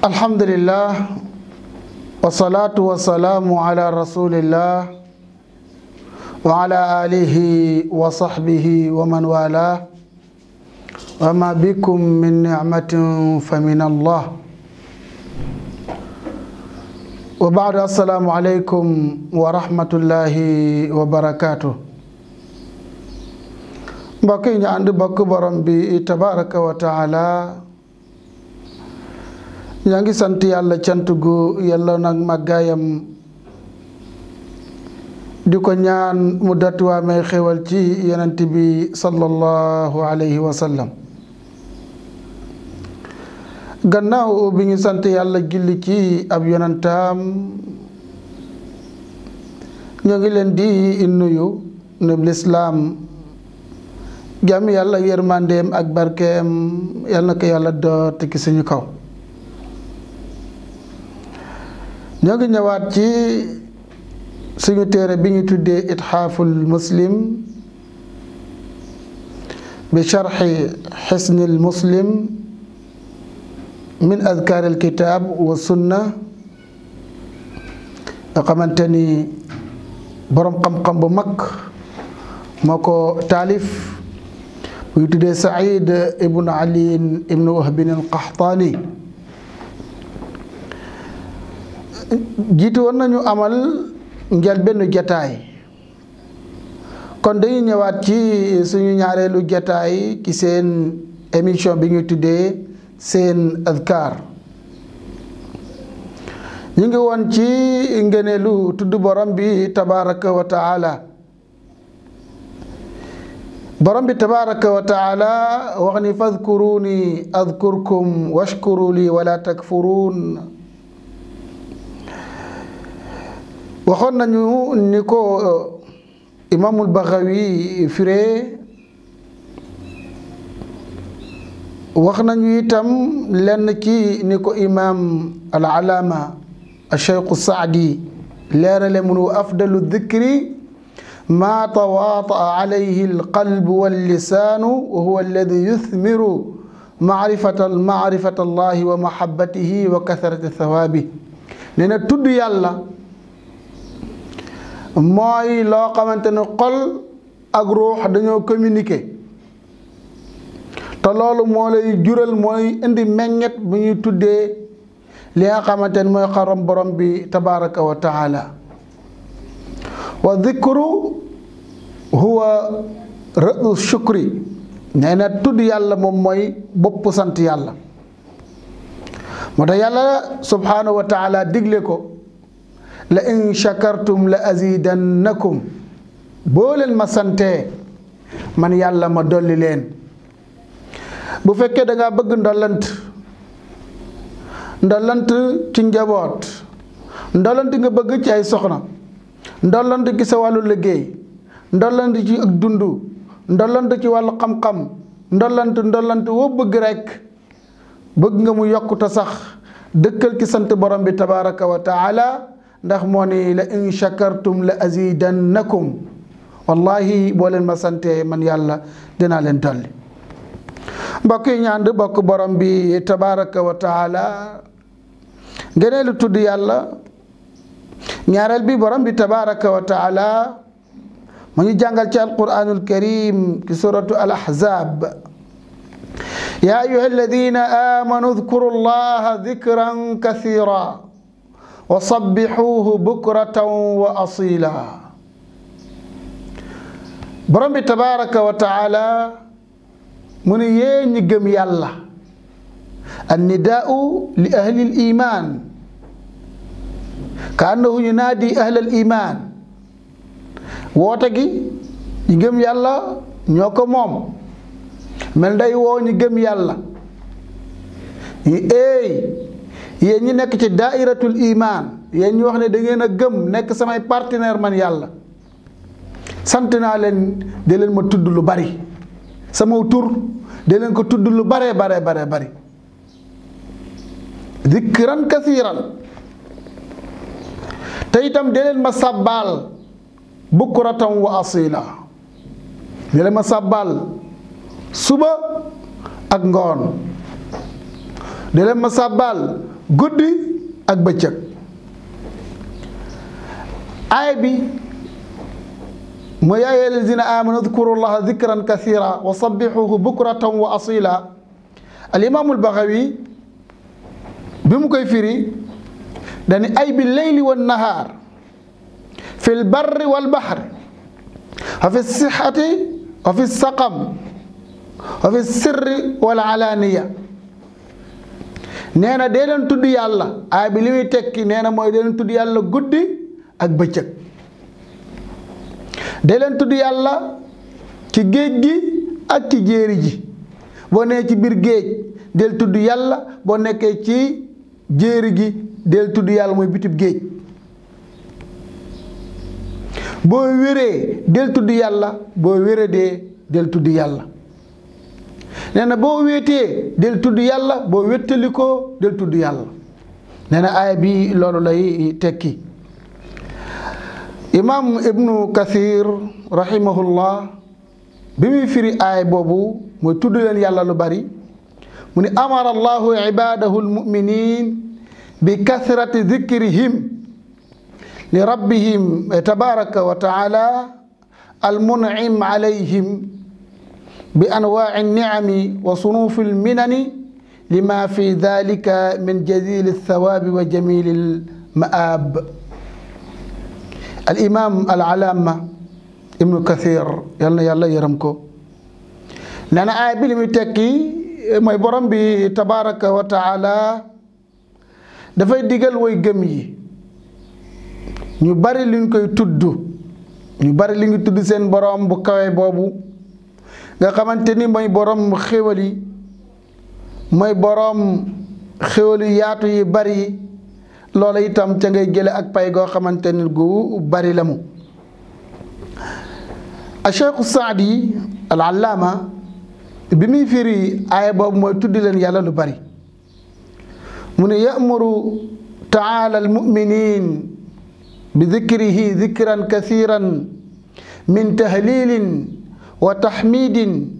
alhamdulillah wasalaatu wasalaamu ala rasulillah wa ala wa sahbihi wa man wala wa ma bikum min nicmatin fa min allah wa baadu assalaamu aleykum wa rahmatullahi wa barakaatu mbokk yi ñu ànd bokk borom bi tabaraka wa taala ñaa ngi sant yàlla cant gu yàlla nag màggaayam di ko ñaan mu datuwaa may xewal ci yonent bi sallallahu alayhi wa sallam gannaaw bi ngi sant yàlla julli ci ab yonantaam ñoo ngi leen di nuyu nub lislaam jàmm yàlla yërmandeem ak barkeem yàlla na ko yàlla doot ki suñu kaw ñoo ngi ñëwaat ci suñu téere bi ñu tuddee itxaaful muslim bi sharxi xisnil muslim min adkaar al wa sunna nga xamante ni boroom xam-xam bu mag moo ko taalif bu ñu tuddee said ibnu aliin ibnu wahbin al qaxtaani jiitu woon nañu amal njël benn jataay kon dañuy ñëwaat ci suñu ñaareelu jataay ci seen émission bi ñu tuddee seen adkaar ñu ngi woon ci ngëneelu tudd borom bi tabaraka wa taala borom bi tabaraka wa taala wax ni fadkuruni adkurkum washkuru li wala takfuruun waxoon nañu ni ko euh, imaamul Baxawi firee wax nañu itam lenn ki ni ko imaam al alaama al cheikhu saadi leerale mun wa afdalu dikri maa tawaata alayhi alqalbu wallisaanu wa huwa alladi yuthmiru maarifata maarifata allahi wa mahabbatihi wa kasarati thawaabi nee na tudd yàlla mooy loo xamante ne xol ak ruux dañoo communiquer te loolu moo lay jural mooy indi meññet bu ñuy tuddee li nga xamante ne mooy xarom borom bi tabaraka wa taala wa dikru huwa ra'u shukri nee na tudd yàlla moom mooy bopp sant yàlla moo tax yàlla subhanahu wa taala digle ko la in shakartum la azidannakum boo leen ma santee man yàlla ma dolli leen bu fekkee da ngaa bëgg ndolant ndolant ci njaboot ndolant nga bëgg ci ay soxna ndolant ci sa wàllu liggéey ndolant ci ak dund ndolant ci wàllu xam-xam ndolant ndolant woo bëgg rekk bëgg nga mu yokkuta sax dëkkal ki sant borom bi tabaraka wa taala ndax moo ni la in shakartum la azidannakum wallahi boo leen ma sante man yàlla dinaa leen dolli mbokk yi ñaand bokk borom bi tabaraka wa taala ngëneelu tudd yàlla ñaareel bi borom bi tabaraka wa taala mu ñu jàngal ci alquranul karim ki suratu al ya ayuha alladina amanu dhkuru allaha dhikran kathira wa sabbixuuhu bukratan wa asila borom bi wa taala mu ne yéen ñi gëm yàlla annidaau li ahli l iman ka annahu yunaadi ahlal iman woote gi ñi gëm yàlla ñoo ko moom mel day woo ñi gëm yàlla ñi eey yéen ñi nekk ci daairatul imaan yéen ñi wax ne da ngeen a gëm nekk samay partenaire man yàlla sant naa leen de leen ma tudd lu bari sama tur de leen ko tudd lu baree baree baree bari dikran kasiiran te itam de leen ma sàbbaal bukratan wa asila de leen ma sàbbaal suba ak ngoon de leen ma sàbbaal guddi ak bëccëg aay bi mooy yaa ayyuha allazina amanu udkuru llaha dikran kathira wa sabbixuhu bukratan wa asila al imaamu albaxawi bi mu koy firi dani ay bi leyli wa nahaar fi lbarri walbaxri wa fi sixati wa fi saqam wa fi sirri wal alaaniya nee na dee leen tudd yàlla aay bi li muy tekki nee na mooy dee leen tudd yàlla guddi ak bëccëg dee leen tudd yàlla ci géej gi ak ci jéeri ji boo nee ci biir géej del tudd yàlla boo nekkee ci jéeri gi del tudd yàlla mooy bitib géej boo wéree del tudd yàlla boo wéradee del tudd yàlla nee boo wéetee del tudd yàlla boo wéttalikoo del tudd yàlla nee aaya bi loolu lay tekki imaam ibnu kathir rahimahullah bi muy firi aay boobu mooy tudd leen yàlla lu bari mu ni amara allahu ibadahu almuminin bi kathrati dikrihim li rabbihim tabaraka wa taala almunim alayhim bi anwaaci nicami wa sunuufi lminani lima fi dalika min jadili lthawaabi wa jamili lmaab alimam alalaama ibnu kathir yal na yàlla yërëm ko nee na aay tekki mooy borom bi tabaraka wa taala dafay digal way gëm yi ñu bari liñ koy tudd ñu bari li ngi tudd seen borom bu kawe boobu nga xamante ni mooy boroom xéwal mooy boroom xéwal yaatu yi bari yi loola itam ca ngay jële ak pay goo xamante ni gu bari la mu a cheikhu yi al allaama bi muy firi aaya boobu mooy tuddi leen yàlla lu bari mu ne yamuru taala al bi dikrihi dikran kathiran min tahlilin wa taxmiidin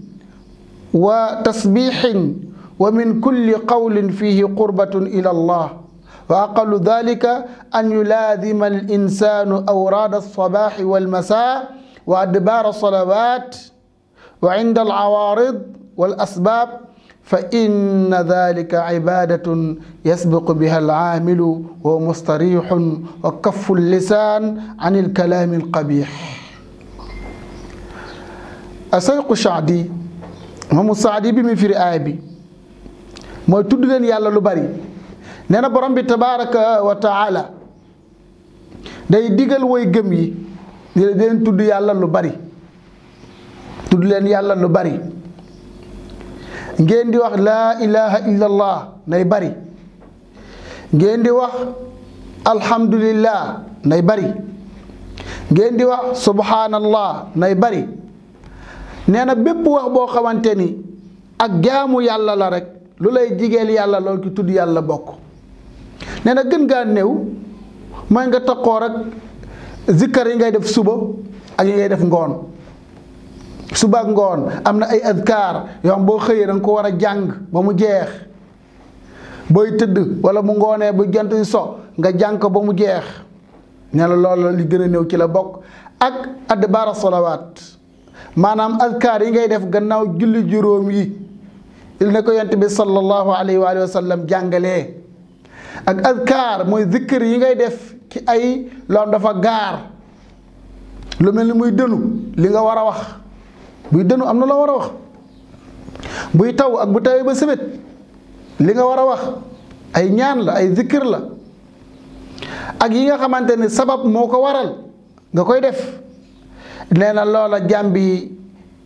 wa tasbiixin wa min kulli qawlin fiihi qurbatun ila allah wa aqalu dalika an yulaadima al insaanu awraada alsabaxi walmasaa wa adbaara alsalawat wa inda alcawaarid walasbaab fa inna dalika cibadatun yasbiqu biha alcaamilu wa mustariixun wa kafu allisaan can alkalaami alqabiix asayqu shaadi moomu saadi bi muy firi bi mooy tudd leen yàlla lu bari nee na borom bi tabaaraka wa taala day digal woy gëm yi di leen tudd yàlla lu bari tudd leen yàlla lu bari ngeen di wax laa ilaha illallah nay bari ngeen di wax alhamdulillah nay bari ngeen di wax subhanallah nay bari nee na bépp wax boo xamante ni ak jaamu yàlla la rek lu lay jigéen yàlla lool ki tudd yàlla bokk nee na gën gaa néew mooy nga takkoo rek zikkar yi ngay def suba ak yi ngay def ngoon suba ngoon am na ay adkaar yoo xam boo xëyee da ko war a jàng ba mu jeex booy tëdd walla mu ngoonee bu jant yi so nga jàng ko ba mu jeex nee na loolu li gën a néew ci la bokk ak adbaara salawaat maanaam azkaar yi ngay def gannaaw julli juróom yi il ne ko yent bi sallallahu alayhi wa sallam jàngale ak azkaar mooy zikkër yi ngay def ci ay loom dafa gaar lu mel ni muy dënu li nga war a wax buy dënu am na loo war a wax buy taw ak bu tawee ba sëbét li nga war a wax ay ñaan la ay zikkër la ak yi nga xamante ne sabab moo ko waral nga koy def nee na loola jàmb yi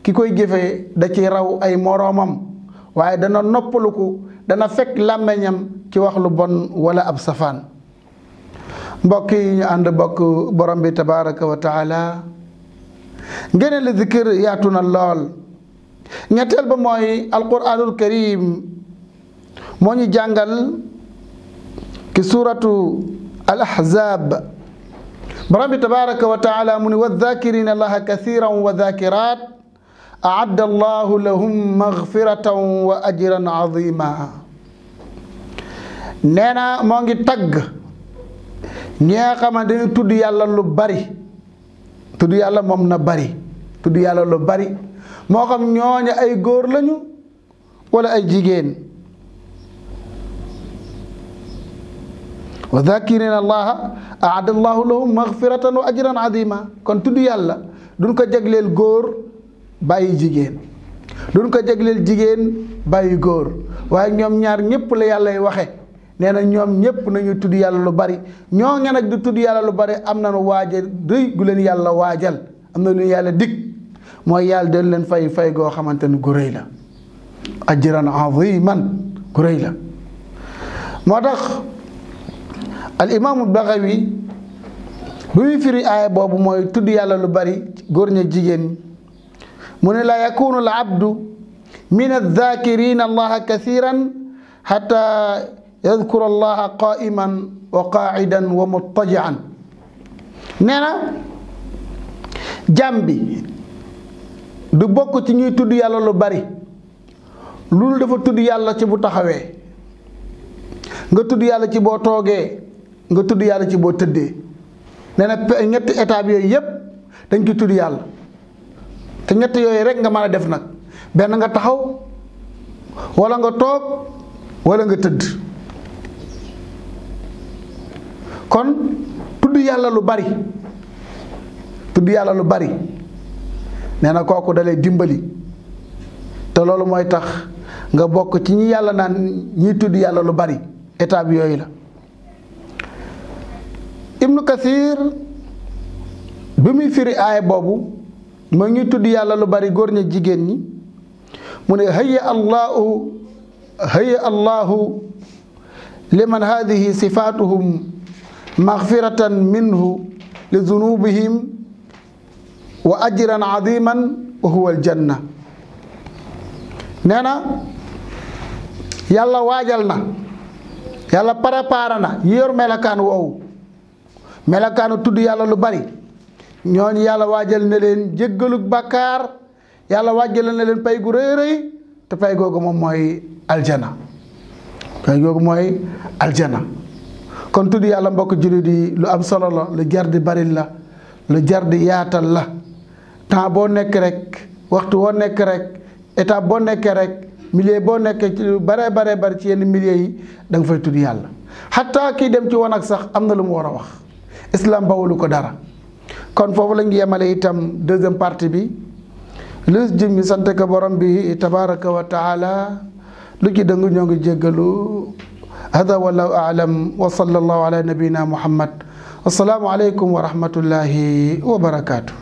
ki koy jëfee da ci raw ay moroomam waaye dana noppaluku dana fekk làmmeñam ci waxlu lu bon wala ab safaan mbokk yi ñu ànd bokk borom bi tabaraka wa taala ngene la yaatu na lool ñetteel ba mooy alquranul karim moo ñu jàngal ki suuratu al ahzab borom bi tabaraka wa taala mu ne wa dhakirina allaha kathiran wa dhakirat aadda allahu lahum maghfiratan wa ajran azima nee na moo ngi tagg ñi nga xamante tudd yàlla lu bari tudd yàlla moom na bari tudd yàlla lu bari moo xam ñooñu ay góor lañu wala ay jigéen wa dhakirina allaha aada allahu lahum maghfiratan wa ajran azima kon tudd yàlla duñ ko jagleel góor bàyyi jigéen duñ ko jagleel jigéen bàyyi góor waaye ñoom ñaar ñépp la yàllay waxe nee na ñoom ñépp nañu tudd yàlla lu bari ñoo nge nag di tudd yàlla lu bari am na nu waajal rëy gu leen yàlla waajal am na lu yàlla dikk mooy yàlla dañ leen fay fay goo xamante ni gu rëy la ajran aziman gu rëy la moo tax al imaamu Baxawi bi muy firi aaya boobu mooy tudd yàlla lu bari góor ña jigéen mu ne la yakunu al abdu min adh-dhakirina allaha kathiran hatta yadhkura allaha qa'iman wa qa'idan wa muttaji'an nee na jàmm du bokk ci ñuy tudd yàlla lu bari loolu dafa tudd yàlla ci bu taxawee nga tudd yàlla ci boo toogee nga tudd yàlla ci boo tëddee nee na ñetti étape yooyu yépp dañ ci tudd yàlla te ñetti yooyu rek nga mën a def nag benn nga taxaw walla nga toog walla nga tëdd kon tudd yàlla lu bari tudd yàlla lu bari nee na kooku dalay dimbali te loolu mooy tax nga bokk ci ñi yàlla naan ñiy tudd yàlla lu bari étape yooyu la ibnu kasir bi muy firi aay boobu moo ngi tudd yàlla lu bari góor jigéen ñi mu ne hëya allahu hëya allahu liman hadihi sifatuhum maxfiratan minhu li zunubihim wa ajran aziman wa huwa aljanna nee na yàlla waajal na yàlla préparé na yor melakaan woowu melakaanu tudd yàlla lu bari ñooñu yàlla waajal na leen jéggalu bàkkaar yàlla waajal na leen pay gu rëy rëy te pay googu moom mooy aljana pay googu mooy aljana kon tudd yàlla mbokk jullit yi lu am solo la lu jar bari la lu jar yaatal la temps boo nekk rek waxtu woo nekk rek étape boo nekkee rek millier boo nekkee ci lu bare bare bari ci yenn milliers yi da nga fay tudd yàlla xataa kii dem ci wanag sax am na lu mu war a wax islam bawalu ko dara kon foofu lañu yemale itam deuxième partie bi lu jëm ñu sant bi tabaraka wa taala lu ci dëng ñoo ngi jéggalu hada wallahu aalam wa sallallahu ala nabiyina muhammad assalaamu aleykum wa rahmatullahi wa barakaatu